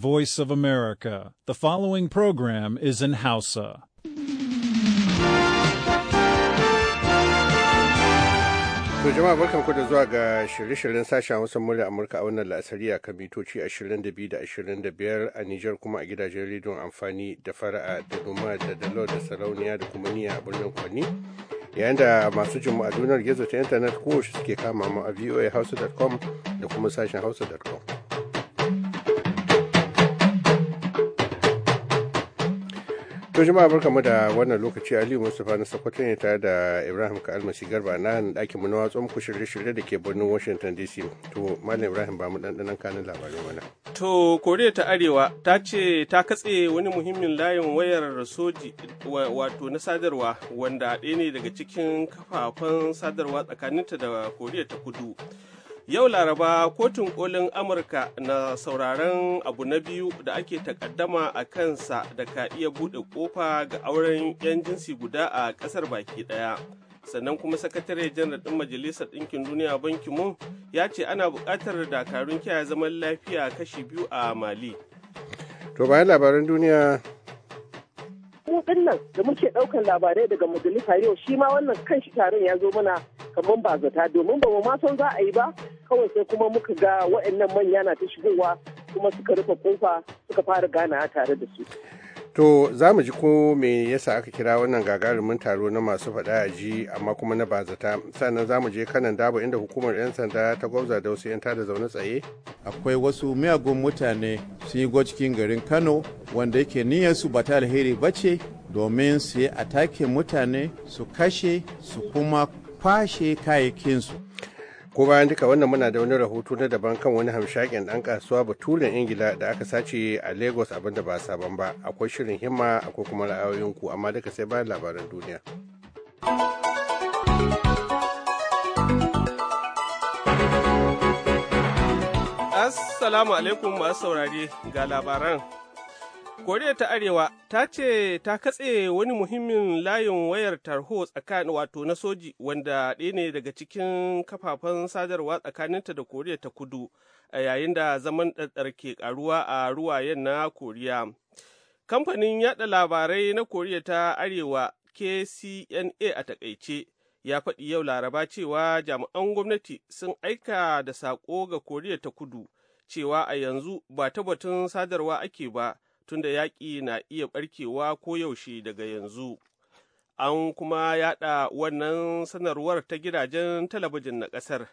Voice of America. The following program is in Hausa. To jama'a ku da zuwa ga shirye-shiryen sashen Hausa murya Amurka a wannan la'asari a kan mitoci 22 da 25 a Nijar kuma a gidajen rediyon amfani da fara'a da goma da dalo da sarauniya da kuma niyya a birnin Kwani. Yayin da masu jimu a duniyar gizo ta intanet kowace suke kama mu a voahausa.com da kuma sashen hausa.com. To jama'a barkamu da wannan lokaci Aliyu Mustapha na sakwato ne tare da Ibrahim Kalmasi Garba na ɗakin mu na watsa muku shirye-shirye da ke birnin Washington DC. To Malam Ibrahim ba mu ɗanɗanan kanin labarai mana. To Koriya ta Arewa ta ce ta katse wani muhimmin layin wayar soji wato na sadarwa wanda ɗaya ne daga cikin kafafen sadarwa tsakaninta da Koriya ta Kudu. Yau Laraba kotun kolin Amurka na sauraron abu na biyu da ake takaddama a kansa da ka iya buɗe kofa ga auren 'yan jinsi guda a ƙasar baki ɗaya. Sannan kuma sakatare janar ɗin Majalisar Ɗinkin Duniya Banki Mu ya ce ana buƙatar dakarun kiyaye zaman lafiya kashi biyu a Mali. To bayan labaran duniya mu nan da muke ɗaukar labarai daga majalisa yau shi ma wannan kanshi taron ya zo mana kamar ba zata domin ba mu ma san za a yi ba kawai sai kuma muka ga waɗannan manya na ta shigowa kuma suka rufe kofa suka fara gana tare da su to za mu ji ko me yasa aka kira wannan gagarumin taro na masu faɗa a ji amma kuma na bazata sannan za mu je kanan dabo inda hukumar 'yan sanda ta gwabza da wasu 'yan tada zaune tsaye akwai wasu miyagun mutane su yi cikin garin kano wanda yake niyyar su ba ta alheri ba ce domin su yi atake mutane su kashe su kuma kwashe kayayyakinsu ko bayan duka wannan muna da wani rahoto na daban kan wani hamshakin ɗan kasuwa batulin ingila da aka sace a lagos abinda ba sabon ba akwai shirin himma akwai kuma ra'ayoyinku amma duka sai bayan labaran duniya assalamu alaikum masu saurari ga labaran Koriya ta Arewa ta ce ta katse wani muhimmin layin wayar tarho tsakanin wato na soji wanda ɗaya ne daga cikin kafafen sadarwa tsakaninta da Koriya ta Kudu a yayin da zaman ɗaɗɗar ke ƙaruwa a ruwayen na Koriya. Kamfanin Yaɗa labarai na Koriya ta Arewa KCNA a takaice ya faɗi yau Laraba cewa jami'an gwamnati sun aika da saƙo ga Koriya ta Kudu cewa a yanzu ba ta batun sadarwa ake ba. tunda yaƙi na iya ɓarkewa koyaushe daga yanzu. An kuma yaɗa wannan sanarwar ta gidajen talabijin na ƙasar.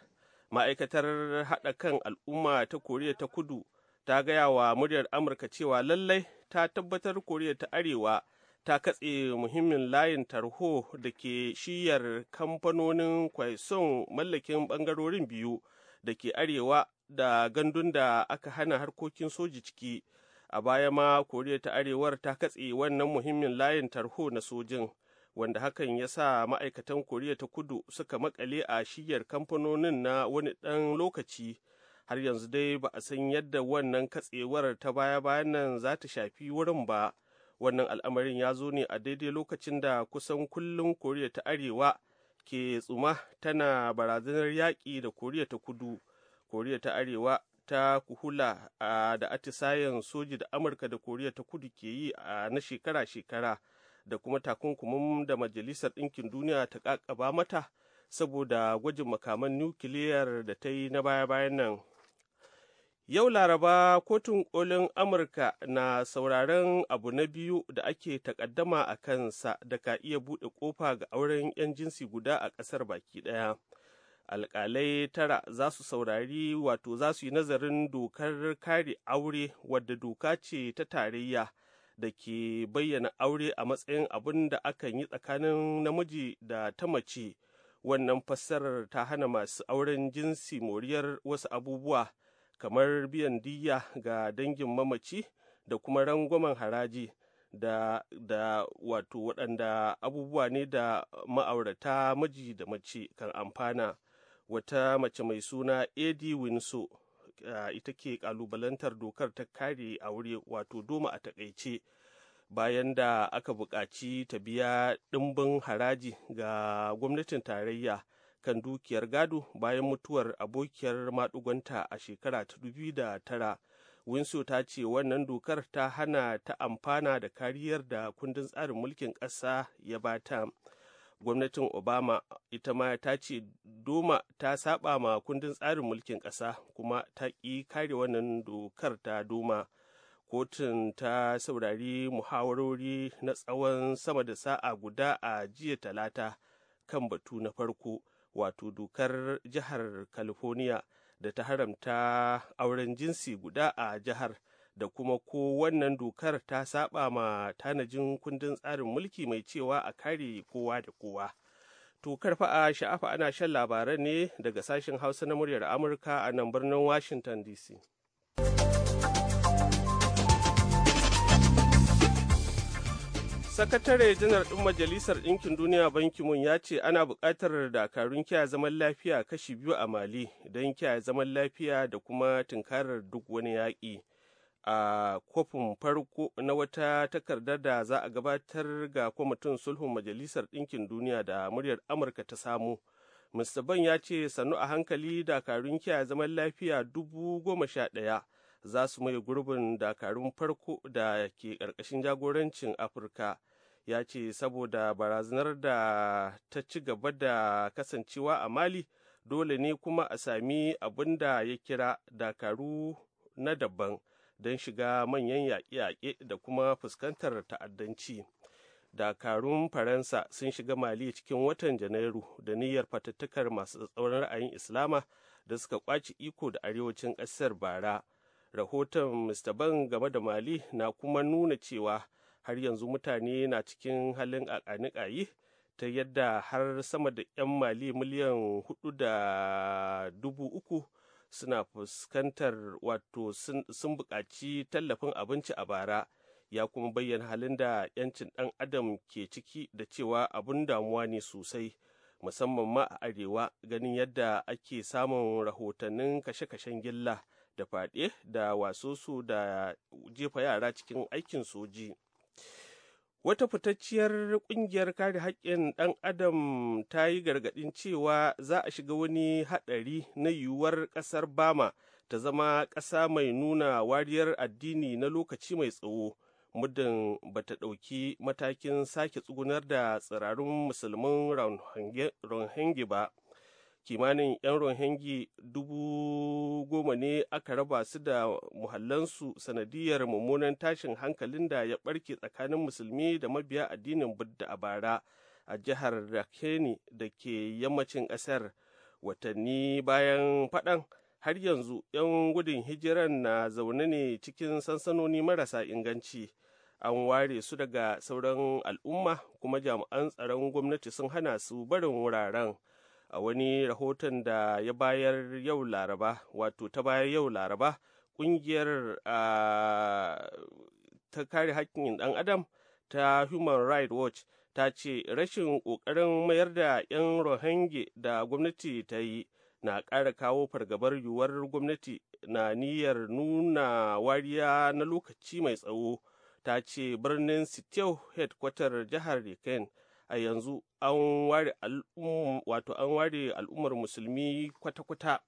Ma'aikatar haɗa kan al'umma ta Koriya ta Kudu ta gaya wa muryar Amurka cewa lallai ta tabbatar Koriya ta Arewa ta katse muhimmin layin tarho da ke shiyar kamfanonin kwaison mallakin bangarorin biyu da ke arewa da gandun da aka hana harkokin soji ciki a baya ma koriya ta arewar ta katse wannan muhimmin layin tarho na sojin wanda hakan ya sa ma'aikatan koriya ta kudu suka makale a shiyar kamfanonin na wani ɗan lokaci har yanzu dai ba a san yadda wannan katsewar ta baya-bayan nan za ta shafi wurin ba wannan al'amarin ya zo ne a daidai lokacin da kusan kullum koriya ta arewa ke tsuma tana barazanar yaƙi da koriya ta kudu koriya ta arewa ta kuhula da atisayen soji da amurka da koriya ta kudu ke yi na shekara-shekara da kuma takunkumin da majalisar ɗinkin duniya ta ƙaƙaba mata saboda gwajin makaman nukiliyar da ta yi na baya-bayan nan yau laraba kotun kolin amurka na sauraren abu na biyu da ake takaddama a kansa da ka iya buɗe ƙofa ga auren 'yan jinsi guda a ƙasar baki ɗaya alƙalai tara za su saurari wato za su yi nazarin dokar kare aure wadda doka ce ta tarayya da ke bayyana aure a matsayin abin da akan yi tsakanin namiji da ta mace wannan fassarar ta hana masu auren jinsi moriyar wasu abubuwa kamar biyan diyya ga dangin mamaci da kuma rangwamen haraji da, da wato waɗanda abubuwa ne da ma'aurata maji da mace kan amfana. wata mace mai suna edi winso ita ke kalubalantar dokar ta kare a wuri wato doma a takaice bayan da aka buƙaci ta biya ɗimbin haraji ga gwamnatin tarayya kan dukiyar gado bayan mutuwar abokiyar maɗugonta a shekara ta da tara winso ta ce wannan dokar ta hana ta amfana da kariyar da kundin tsarin mulkin ƙasa ya bata. ta gwamnatin obama ita ma ta ce doma ta saba ma kundin tsarin mulkin ƙasa kuma ta ƙi kare wannan dokar ta doma kotun ta saurari muhawarori na tsawon sama da sa'a guda a jiya talata kan batu na farko wato dokar jihar california da ta haramta auren jinsi guda a jihar da kuma ko wannan dokar ta saba ma tanajin kundin tsarin mulki mai cewa a kare kowa da kowa. to karfa fa'a sha'afa ana shan labaran ne daga sashen Hausa na muryar Amurka a nan birnin Washington DC. sakatare janar ɗin majalisar ɗinkin duniya banki mun ya ce ana buƙatar dakarun kiyaye zaman lafiya kashi biyu a mali don kiyaye zaman lafiya da kuma tunkarar duk wani yaƙi a kofin farko na wata takardar da za a gabatar ga kwamitin sulhun majalisar ɗinkin duniya da muryar amurka ta samu mr ban ya ce sannu a hankali dakarun kiyaye zaman lafiya dubu goma sha ɗaya za su mai gurbin dakarun farko da ke ƙarƙashin jagorancin afirka ya ce saboda barazanar da ta ci gaba da kasancewa a mali dole ne kuma a sami abin da ya kira dakaru na daban don shiga manyan yaƙe-yaƙe da kuma fuskantar ta'addanci dakarun faransa sun shiga mali cikin watan janairu da niyyar fatattakar masu tsatsauran ra'ayin islama da suka kwaci iko da arewacin ƙasar bara rahoton mr ban game da mali na kuma nuna cewa har yanzu mutane na cikin halin kayi ta yadda har sama da 'yan mali miliyan hudu da dubu uku suna fuskantar wato sun buƙaci tallafin abinci a bara ya kuma bayyana halin da 'yancin ɗan adam ke ciki da cewa abin damuwa ne sosai musamman ma a arewa ganin yadda ake samun rahotannin kashe-kashen gilla da faɗe da wasosu da jefa yara cikin aikin soji. wata fitacciyar ƙungiyar kare haƙƙin ɗan adam ta yi gargaɗin cewa za a shiga wani haɗari na yiwuwar ƙasar bama ta zama ƙasa mai nuna wariyar addini na lokaci mai tsawo muddin ba ta ɗauki matakin sake tsugunar da tsirarun musulmin rohingya ba. kimanin 'yan rohingi dubu goma ne aka raba su da muhallansu sanadiyar mummunan tashin hankalin da ya barke tsakanin musulmi da mabiya addinin budda a bara a jihar rakeni da ke yammacin ƙasar watanni bayan faɗan har yanzu 'yan gudun hijiran na zaune ne cikin sansanoni marasa inganci an ware su daga sauran al'umma kuma jami'an tsaron gwamnati sun hana su barin wuraren. a wani rahoton da ya bayar yau laraba wato ta bayar yau laraba ƙungiyar ta kare hakkin ɗan adam ta human rights watch ta ce rashin ƙoƙarin mayar da 'yan rohingya da gwamnati ta yi na ƙara kawo fargabar yuwar gwamnati na niyyar nuna wariya na lokaci mai tsawo ta ce birnin sitio headquarter jihar rikin a yanzu an ware wato an ware al'ummar musulmi kwata-kwata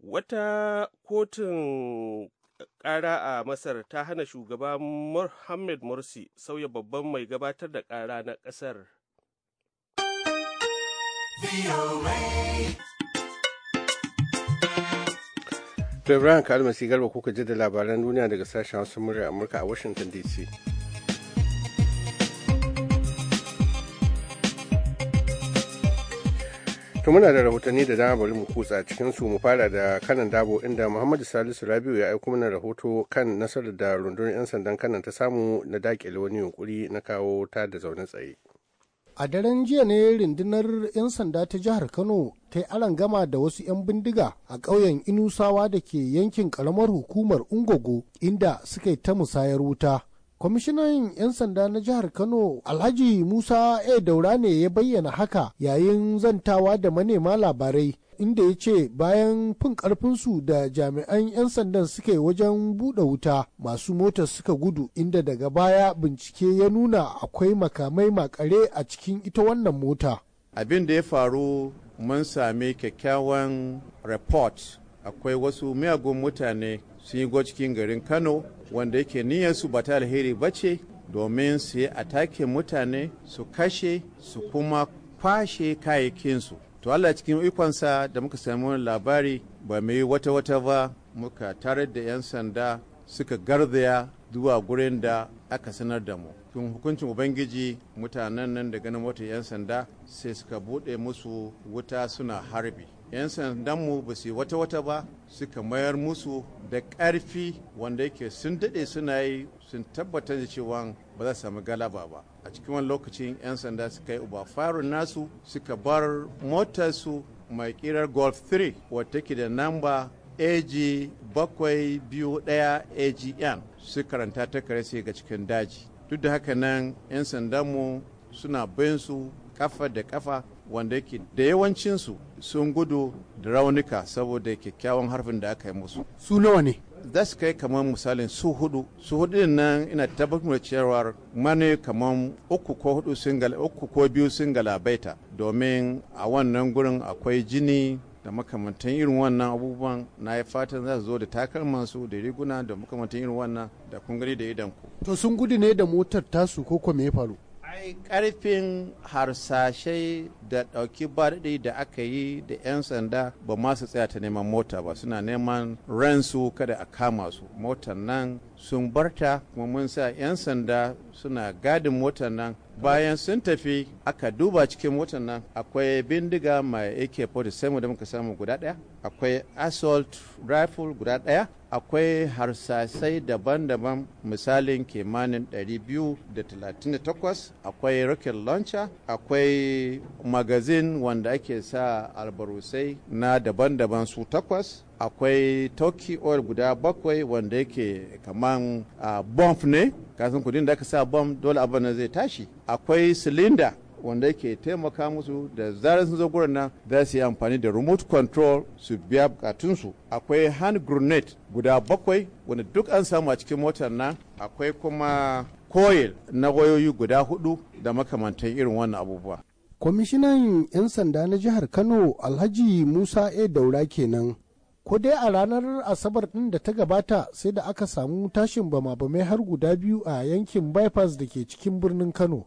wata kotun kara a masar ta hana shugaba mohamed morsi sauya babban mai gabatar da kara na ƙasar to ibrahim kalmasi garba kuka ji da labaran duniya daga sashen wasu murya amurka a washington dc To muna da rahotanni da dama bari mu kutsa cikin su mu fara da kanan dabo inda Muhammadu Salisu Rabiu ya aiko mana rahoto kan nasarar da rundunar 'yan sandan kanan ta samu na dakile wani yunkuri na kawo ta da zaune tsaye. A daren jiya ne rundunar 'yan sanda ta jihar Kano ta yi gama da wasu 'yan bindiga a ƙauyen Inusawa da ke yankin ƙaramar hukumar Ungogo inda suka yi ta musayar wuta. kwamishinan 'yan sanda na jihar kano alhaji musa a daura ne ya bayyana haka yayin zantawa da manema labarai inda ya ce bayan fin karfinsu da jami'an 'yan sandan suka wajen buɗe wuta masu motar suka gudu inda daga baya bincike ya nuna akwai makamai makare a cikin ita wannan mota abin da ya faru mun sami kyakkyawan report akwai wasu miyagun mutane sun yi cikin garin kano wanda yake niyyarsu ba ta alheri ba ce domin su yi take mutane su kashe su kuma kwashe kayayyakinsu to allah cikin ikonsa da muka samu labari ba mu yi wata-wata ba muka tare da 'yan sanda suka garzaya zuwa gurin da aka sanar da mu tun hukuncin ubangiji mutanen nan da ganin wata 'yan sanda sai suka buɗe musu wuta suna harbi 'yan sandanmu ba su wata-wata ba suka mayar musu da ƙarfi wanda yake sun daɗe suna yi sun tabbatar da cewa ba za su sami galaba ba a cikin wani lokacin 'yan sanda suka yi uba farin nasu suka bar motarsu mai kirar golf 3 wata ke da namba ag 721 agn su karanta ta kare ga cikin daji duk da haka nan 'yan sandan mu suna bayansu kafa da kafa wanda yake da yawancinsu sun gudu da raunuka saboda kyakkyawan harfin da aka yi musu su nawa ne za su kai kamar misalin su hudu su hudu nan ina tabbatar cewa mani kamar uku ko hudu uku ko biyu sun galabaita domin a wannan gurin akwai jini da makamantan irin wannan abubuwan na yi fatan za su zo da takalman su da riguna da makamantan irin wannan da kun da idan ku to sun gudu ne da motar tasu ko kuma ya faru ai karfin harsashe da ɗauki barɗi da aka yi da 'yan sanda ba ma su tsaya ta neman mota ba suna neman ransu kada a kama su motar nan sun barta kuma mun sa 'yan sanda suna gadin motar nan bayan sun tafi aka duba cikin motar nan akwai bindiga mai ak-47 da muka samu guda daya akwai assault rifle guda daya. akwai harsasai daban-daban misalin kimanin 238 akwai rocket launcher akwai magazin wanda ake sa albarusai na daban-daban su takwas akwai turkey oil guda bakwai wanda yake kaman uh, ah, bomb ne kasan kudin da aka sa bomb dole abin zai tashi akwai silinda wanda yake taimaka musu da zarar sun zo gurin nan za su yi amfani da remote control su biya bukatunsu akwai hand grenade guda bakwai wanda duk an samu a cikin motar nan akwai kuma coil na wayoyi guda hudu da makamantan irin wannan abubuwa kwamishinan 'yan sanda na jihar kano alhaji musa a daura kenan ko dai a ranar asabar din da ta gabata sai da aka samu tashin bama-bamai har guda biyu a yankin bypass da ke cikin birnin kano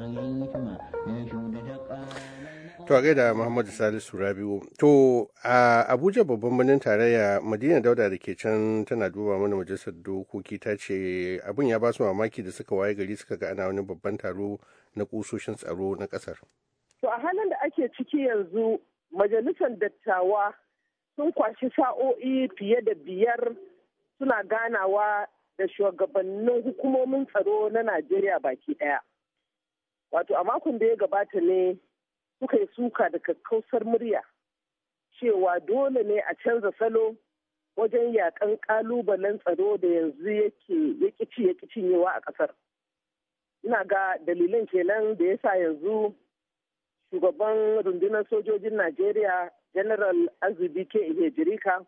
To a gaida Muhammadu Salisu Rabiu. To a Abuja babban birnin tarayya Madina Dauda da ke can tana duba mana majalisar dokoki ta ce abin ya ba su mamaki da suka waye gari suka ga ana wani babban taro na kusoshin tsaro na kasar. To a halin da ake ciki yanzu majalisar dattawa sun kwashi sa'o'i fiye da biyar suna ganawa da shugabannin hukumomin tsaro na Najeriya baki ɗaya. Wato a makon da ya gabata ne suka yi suka da kakkausar murya cewa dole ne a canza salo wajen yakan kalubalen tsaro da yanzu yake ya kici ya cinyewa a kasar ina ga dalilin kenan da ya sa yanzu shugaban rundunar sojojin najeriya general azubi ke hejirika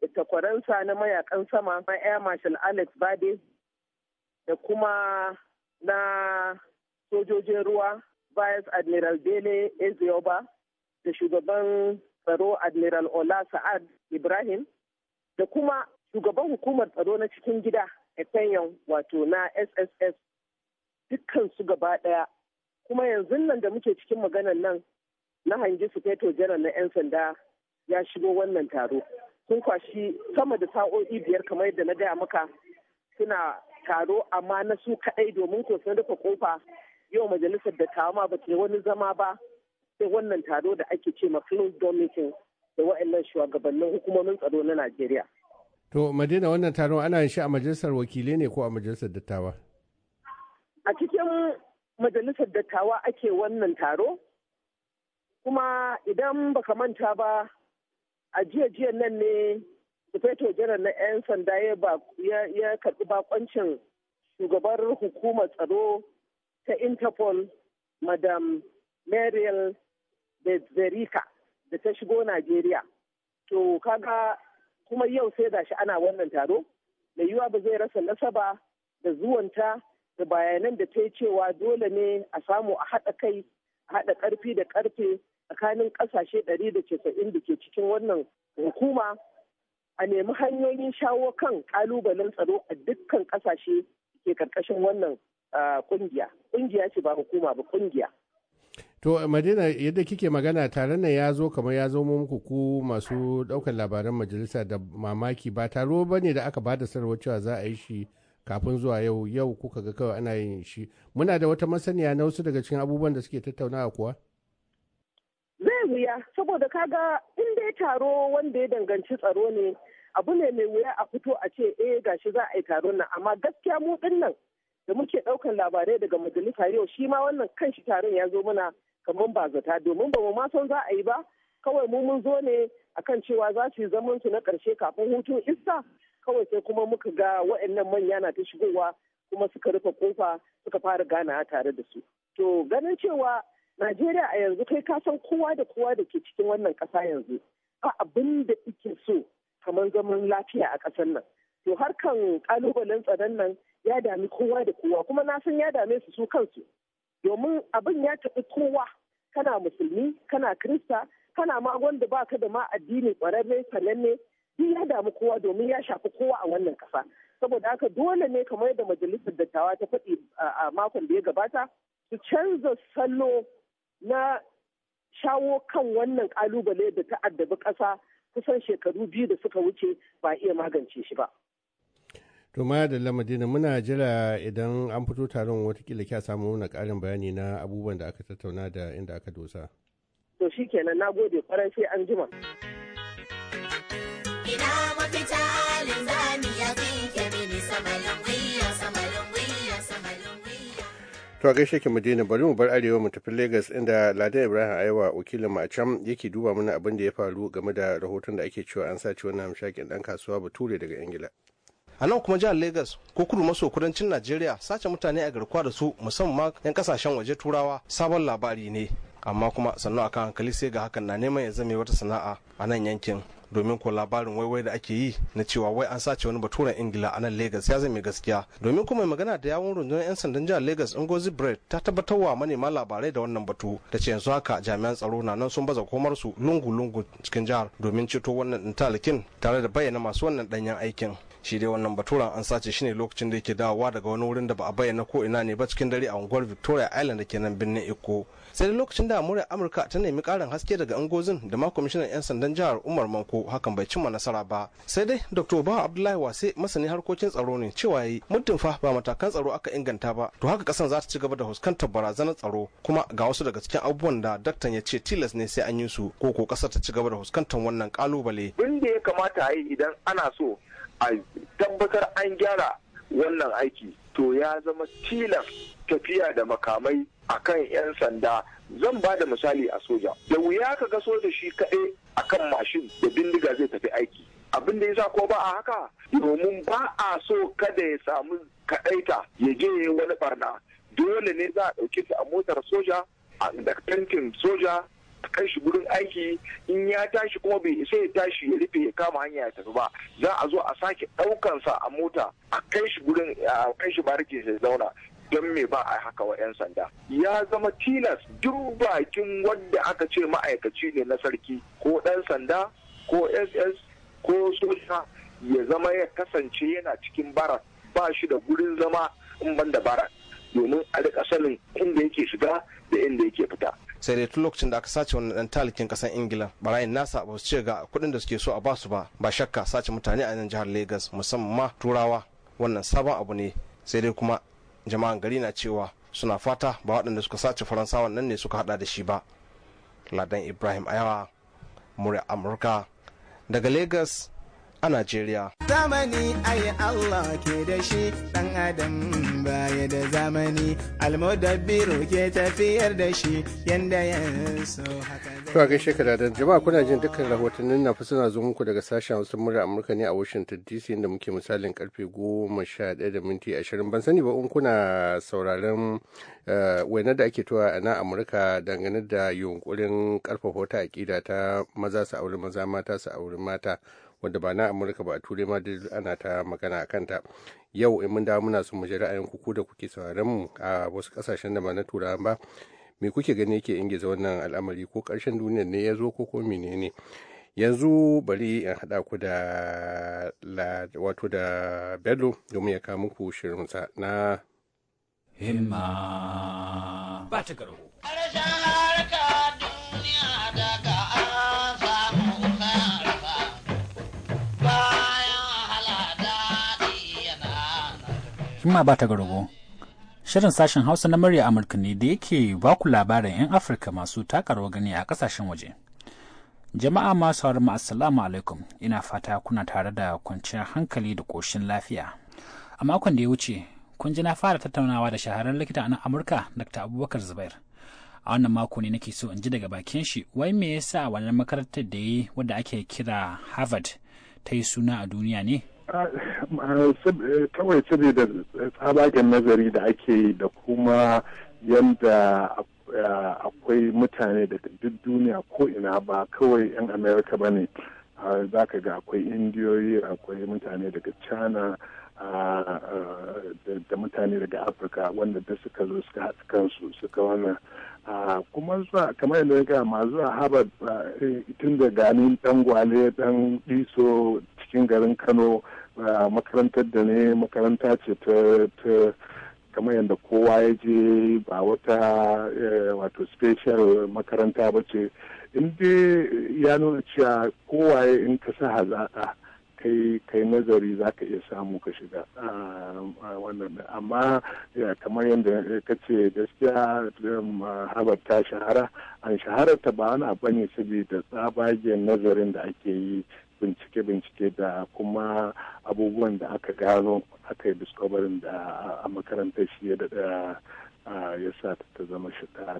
da takwaransa na mayakan sama na air marshal alex bade da kuma na sojojin ruwa vice admiral bele ezioba da shugaban tsaro admiral ola sa'ad ibrahim da kuma shugaban hukumar tsaro na cikin gida kenya wato na sss dukkan su gaba daya kuma yanzu nan da muke cikin maganan nan na hangi feto janar na 'yan sanda ya shigo wannan taro sun kwashi sama da sa'o'i biyar kamar yadda na gaya maka suna taro amma na su kaɗai domin ko sun rufe kofa yau majalisar da kama ba ta wani zama ba sai wannan taro da ake ce ma close door meeting da wa'annan shugabannin hukumomin tsaro na Najeriya. To Madina wannan taro ana yin shi a majalisar wakilai ne ko a majalisar dattawa? A cikin majalisar dattawa ake wannan taro kuma idan baka manta ba a jiya jiya nan ne Sufeto janar na 'yan sanda ya karɓi bakoncin shugabar hukumar tsaro ta interpol madam mariel Bezerika, da ta shigo najeriya to kaga kuma yau sai shi ana wannan taro da yiwuwa ba zai rasa nasaba da zuwanta da bayanan da ta yi cewa dole ne a samu a haɗa kai a haɗa ƙarfi da ƙarfe tsakanin ƙasashe ɗari da casa'in da ke cikin wannan hukuma a nemi hanyoyin shawo kan ƙalubalen tsaro a dukkan ƙasashe ke ƙarƙashin wannan kungiya kungiya ce ba hukuma ba kungiya to madina yadda kike magana tare nan ya zo kamar ya zo muku ku masu daukan labaran majalisa da mamaki ba taro ba ne da aka bada sanarwar cewa za a yi shi kafin zuwa yau yau kuka ga kawai ana yin shi muna da wata masaniya na wasu daga cikin abubuwan da suke tattaunawa kuwa zai wuya saboda kaga in dai taro wanda ya danganci tsaro ne abu ne mai wuya a fito a ce eh gashi za a yi taron nan amma gaskiya mu din da muke ɗaukan labarai daga majalisa yau shi ma wannan kanshi taron ya zo mana kamar ba zata domin ba mu ma san za a yi ba kawai mu mun zo ne akan cewa za su yi zaman su na karshe kafin hutun isa kawai sai kuma muka ga waɗannan manya na ta shigowa kuma suka rufe kofa suka fara ganawa tare da su to ganin cewa najeriya a yanzu kai ka san kowa da kowa da ke cikin wannan ƙasa yanzu ba abin da ike so kamar zaman lafiya a ƙasar nan to harkan ƙalubalen tsaron nan ya dami kowa da kowa kuma na san ya dame su su kansu domin abin ya tafi kowa kana musulmi kana krista kana ma wanda ba ka da ma addini kwararre sananne duk ya damu kowa domin ya shafi kowa a wannan kasa saboda haka dole ne kamar yadda majalisar dattawa ta faɗi a makon da ya gabata su canza salo na shawo kan wannan kalubale da ta addabi ƙasa kusan shekaru biyu da suka wuce ba iya magance shi ba. To ma da lamadina muna jira idan an fito taron watakila kya samu wani karin bayani na abubuwan da aka tattauna da inda aka dosa. To shi kenan na gode kwarai sai an jima. mafita To a gaishe ki Madina bari mu bar arewa mu tafi Lagos inda Ladan Ibrahim Aiwa wakilin mu a can yake duba mana abin da ya faru game da rahoton da ake cewa an sace wannan hamshakin dan kasuwa Bature daga Ingila. a nan kuma jihar Legas ko kudu maso kudancin najeriya sace mutane a garkuwa da su musamman 'yan kasashen waje turawa sabon labari ne amma kuma sannu akan hankali sai ga hakan na neman ya zame wata sana'a a nan yankin domin ko labarin waiwai da ake yi na cewa wai an sace wani baturen ingila a nan lagos ya zame gaskiya domin kuma magana da yawon rundunar 'yan sandan jihar lagos ngozi bread ta tabbatar wa manema labarai da wannan batu da ce yanzu haka jami'an tsaro na nan sun baza komar su lungu-lungu cikin jihar domin ceto wannan talakin tare da bayyana masu wannan danyen aikin shi dai wannan baturan an sace shi ne lokacin da yake dawowa daga wani wurin da ba a bayyana ko ina ne ba cikin dare a unguwar victoria island da ke birnin eko sai da lokacin da muryar amurka ta nemi karin haske daga angozin da ma kwamishinan 'yan sandan jihar umar manko hakan bai cimma nasara ba sai dai dr ba abdullahi wase masani harkokin tsaro ne cewa yi muddin fa ba matakan tsaro aka inganta ba to haka kasan za ta ci gaba da fuskantar barazanar tsaro kuma ga wasu daga cikin abubuwan da daktan ya ce tilas ne sai an yi su ko ko kasar ta ci gaba da fuskantar wannan kalubale abin ya kamata a yi idan ana so a tabbatar an gyara wannan aiki to ya zama tilas tafiya da makamai a kan 'yan sanda zan ba da misali a soja da wuya ka ga soja shi kaɗai a kan mashin da bindiga zai tafi aiki abin da ya sa ko ba a haka domin ba a so kada ya samu kaɗaita ya je wani barna dole ne za a ɗauki a motar soja a tankin soja kai shi gurin aiki in ya tashi kuma bai isa ya tashi ya rufe ya kama hanya ya tafi ba za a zo a sake ɗaukansa a mota a kai shi gurin a kai shi bariki ya zauna don me ba a haka wa 'yan sanda ya zama tilas duk bakin wanda aka ce ma'aikaci ne na sarki ko ɗan sanda ko ss ko soja ya zama ya kasance yana cikin barak ba shi da gurin zama in ban da barak domin a rika sanin inda yake shiga da inda yake fita sai dai tun lokacin da aka sace wannan dan talikin kasar ingila barayin nasa ba su ce ga kuɗin da suke so a ba su ba ba shakka sace mutane a nan jihar legas musamman ma turawa wannan sabon abu ne sai dai kuma jama'an gari na cewa suna fata ba waɗanda suka sace faransawan nan ne suka hada da shi ba ladan ibrahim ayawa murya amurka daga legas. a Najeriya. Zamani ai Allah ke da shi ɗan adam baya da zamani almodabiru ke tafiyar da shi yanda ya so haka Tuwa gaishe ka da jama'a kuna jin dukkan rahotannin na suna zo muku daga sashen wasu murar Amurka ne a Washington DC inda muke misalin karfe goma sha ɗaya da minti ashirin ban sani ba in kuna sauraron eh, wainar da ake tuwa a nan Amurka dangane da yunkurin karfafa wata aƙida ta maza su auri maza mata su auri mata wadda ba na amurka ba a turai ma duk ana ta magana a kanta yau in mun dawo muna son mu ji ra'ayin ku da kuke sauraron mu a wasu kasashen da ba na turawa ba me kuke gani yake ingiza wannan al'amari ko karshen duniyar ne ya zo ko ko menene yanzu bari in haɗa ku da wato da bello domin ya kawo muku shirinsa na himma ba ta himma ba ta ga rago. Shirin sashen Hausa na murya Amurka ne da yake ba ku labarin 'yan Afirka masu takarwa gani a kasashen waje. Jama'a masu harma assalamu alaikum ina fata kuna tare da kwanciyar hankali da koshin lafiya. A makon da ya wuce, kun ji na fara tattaunawa da shaharar likita na Amurka Dr. Abubakar Zubair. A wannan mako ne nake so in ji daga bakin shi wai me yasa wannan makarantar da yi wadda ake kira Harvard ta yi suna a duniya ne kawai saboda tsabagen nazari da ake yi da kuma yadda eh, akwai mutane da duk duniya ko ina ba kawai 'yan amerika ba ne ah, za ka ga akwai indiyoyi akwai mutane daga china ah, eh, da mutane daga afirka wanda da suka zo suka hatsi kansu suka wannan ah, kuma zuwa kamar yadda ya gama zuwa harvard eh, tun da ganin dan gwale dan iso cikin garin kano makarantar da ne makaranta ce ta kamar yadda kowa ya je ba wata eh, wato special makaranta ba ce inda ya nuna cewa kowaye in ka sa hazaƙa kai kai nazari za ka iya samu ka shiga wannan amma kamar yadda ka ce gaskiya um, harvard ta shahara an shahararta ba wani abu ne saboda tsabagen nazarin da ake yi bincike-bincike da kuma abubuwan da aka gano aka yi discoverin da a makarantar shi ya ya sa ta zama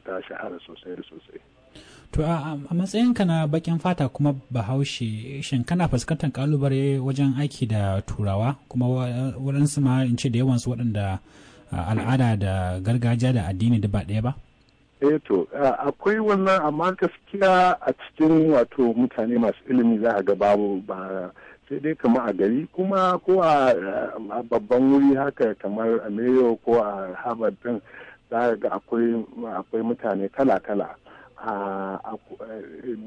ta shahara sosai da sosai. To a matsayinka na bakin fata kuma bahaushe shin kana fuskantar ƙalubale wajen aiki da turawa kuma waɗansu ma in ce da yawansu waɗanda al'ada da gargajiya da addini da ba ɗaya ba? eh to akwai wannan amma gaskiya a cikin wato mutane masu ilimi za a ga babu ba sai dai kama a gari kuma ko a babban wuri haka kamar a mayo ko a harvard din za a ga akwai mutane kala-kala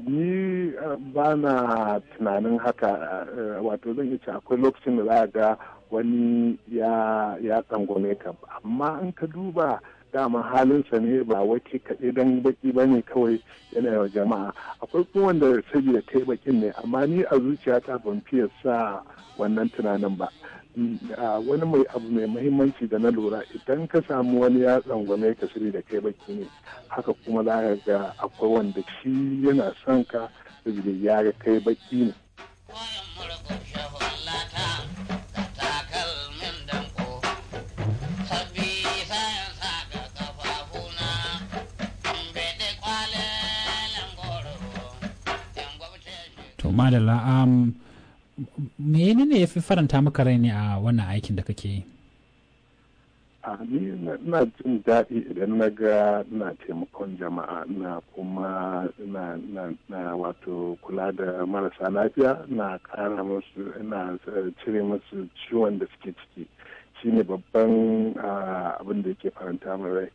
ni ba na tunanin haka wato zan yi ce akwai lokacin da za a ga wani ya tsangwame ka amma in ka duba dama halinsa ne ba wake kaɗai don baki ba ne kawai yana yawa jama'a akwai kuma wanda saboda kai bakin ne amma ni a zuciya ta ban fiye sa wannan tunanin ba wani mai abu mai mahimmanci da na lura idan ka samu wani ya tsangwame ka siri da kai baki ne haka kuma za ka ga akwai wanda shi yana son ka saboda ya ga kai baki ne. to madalla um, menene ne ya fi faranta maka rai ne a wannan aikin da kake yi ni na jin daɗi idan na ga na taimakon jama'a na kuma na wato kula da marasa lafiya na ƙara musu na cire musu ciwon da suke ciki shine babban abin da yake faranta mai rai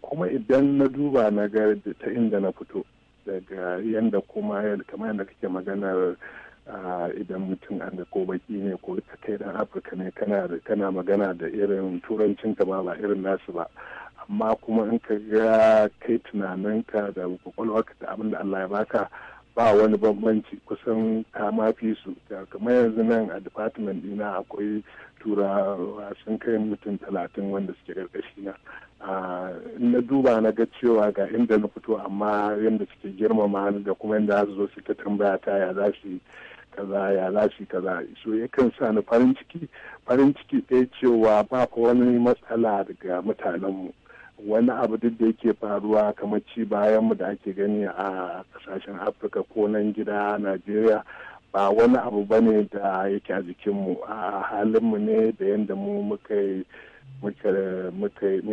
kuma idan na duba na ga ta inda na fito daga yadda kuma kamar yadda kake maganar ah, idan mutum an ko baki ne ko kai dan afirka ne kana magana da irin turancin ka ba irin nasu ba amma kuma in ka ga kai tunaninka da kwakwalwarka da abin da allah ya baka ba wani bambanci kusan kama fi su kamar yanzu nan a department dina akwai turawa sun kai mutum talatin wanda suke karkashi na na duba na ga cewa ga inda na fito amma yadda suke girmama da kuma yadda za su zo su ta tambaya ta ya za su kaza ya za su kaza so yakan sa ni farin ciki farin ciki ɗaya cewa ba wani matsala daga mutanenmu wani abu duk da yake faruwa kamar ci bayan mu da ake gani a kasashen afirka ko nan gida najeriya ba wani abu ba ne da yake a jikinmu a halinmu ne da yadda mu muka muke eh,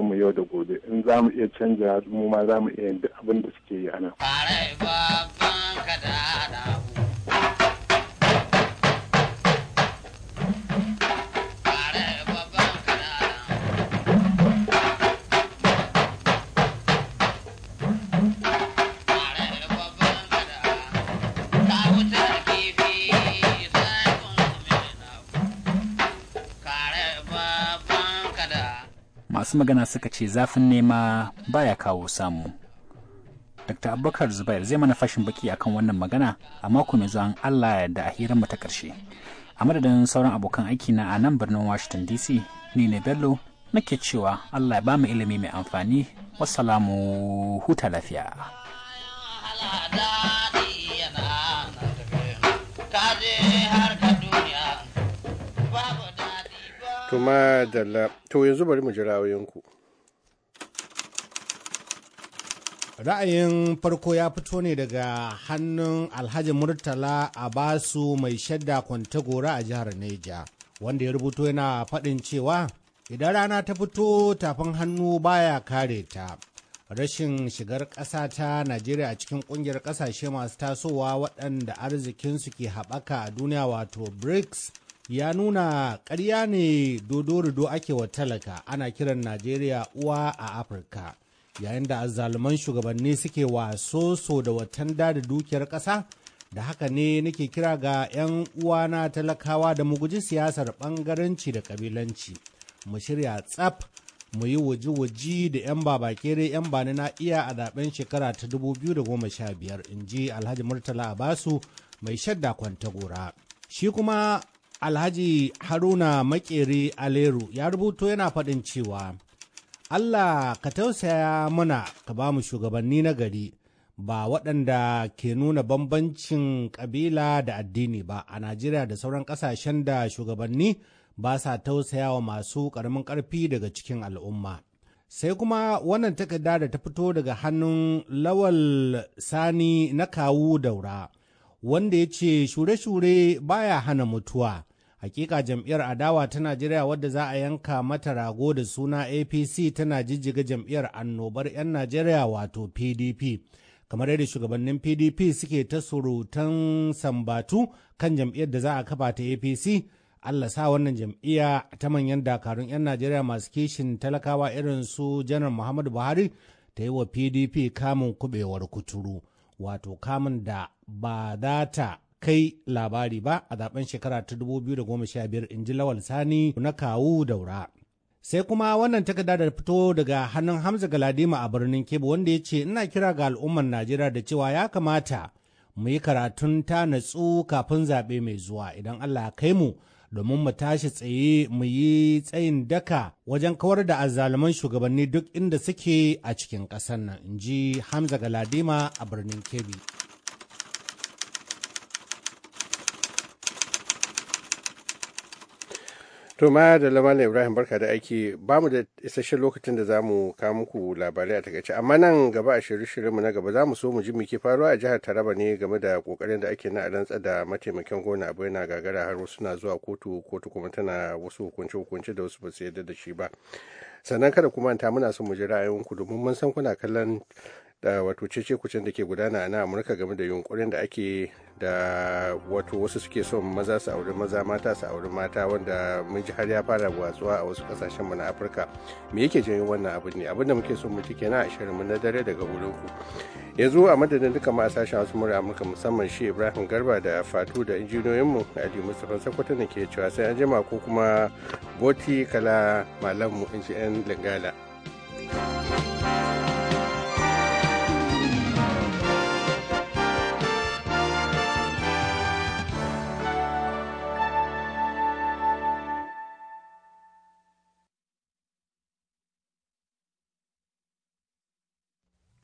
mu yau da gobe in za mu iya canja mu ma za mu iya abin da suke yi a ana. masu magana suka ce zafin nema baya kawo samu dr abubakar zubair zai mana fashin baki akan wannan magana a mako mai zuwa allah da a hirar mu ta karshe a madadin sauran abokan aiki na a nan birnin washington dc ni ne bello nake cewa allah ya ba mu ilimi mai amfani wasalamu huta lafiya To to yanzu bari mu ji ra'ayinku Ra'ayin farko ya fito ne daga hannun Alhaji Murtala Abasu mai shadda kwantagora a jihar Neja, wanda ya rubuto yana faɗin cewa idan rana ta fito tafin hannu baya kare ta. Rashin shigar ƙasa ta Najeriya a cikin ƙungiyar ƙasashe masu tasowa waɗanda arzikinsu ke haɓaka a duniya wato BRICS ya nuna karya ne dodo-rido ake wa talaka ana kiran najeriya uwa a afirka yayin da azzaluman shugabanni suke waso so da watan da dukiyar ƙasa da haka ne nake kira ga 'yan uwana talakawa da mu guji siyasar ɓangaranci da kabilanci mu shirya tsaf mu yi waje-waje da 'yan babakere 'yan bani na iya a zaben shekara ta 2015 in ji alhaji murtala abasu mai shadda kwantagora shi kuma Alhaji Haruna Makere Aleru ya rubuto yana faɗin cewa, Allah ka tausaya mana ka ba mu shugabanni na gari ba waɗanda ke nuna bambancin ƙabila da addini ba a Najeriya da sauran ƙasashen da shugabanni ba sa tausaya wa masu ƙaramin ƙarfi daga cikin al'umma. Sai kuma wannan takarda da ta fito daga hannun lawal sani na kawu daura, wanda ya ce shure-shure baya hana mutuwa. hakika jam'iyyar adawa ta najeriya wadda za a yanka mata rago da suna apc tana jijjiga jam'iyyar annobar 'yan najeriya wato pdp kamar yadda shugabannin pdp suke ta surutan sambatu kan jam'iyyar da za a kafa ta apc allah sa wannan jam'iyya ta manyan dakarun 'yan najeriya masu kishin talakawa irin su janar muhammadu buhari ta yi wa pdp kamun kubewar kuturu wato kamun da ba za ta kai labari ba a zaben shekara ta 2015 in ji lawal sani na kawu daura. Sai kuma wannan takarda da fito daga hannun Hamza Galadima a birnin Kebbi wanda ya ce ina kira ga al'ummar Najeriya da cewa ya kamata mu yi karatun ta natsu kafin zaɓe mai zuwa idan Allah ya kai mu domin mu tashi tsaye mu yi tsayin daka wajen kawar da azzaluman shugabanni duk inda suke a cikin ƙasar nan in ji Hamza Galadima a birnin Kebbi. To ma da lamar Ibrahim barka da aiki ba mu da isasshen lokacin da za mu kawo muku labarai a takaice amma nan gaba a shirye mu na gaba za mu so mu ji muke faruwa a jihar Taraba ne game da kokarin da ake na a rantsa da mataimakin gona abu yana gagara har wasu na zuwa kotu kotu kuma tana wasu hukunci hukunci da wasu ba su yarda da shi ba. Sannan kada kuma ta muna so mu ji ra'ayinku domin mun san kuna kallon da wato cece kucin da ke gudana na amurka game da yunkurin da ake da wato wasu suke son maza su auri maza mata su auri mata wanda mun ji har ya fara watsuwa a wasu kasashen mu na afirka me yake janyo wannan abu ne abin da muke son mu cike na ashirin mu na dare daga wurin ku yanzu a madadin duka ma sashen wasu mura amurka musamman shi ibrahim garba da fatu da injiniyoyin mu ali mustapha sakwato ne ke cewa sai an jima ko kuma boti kala malam mu in yan lingala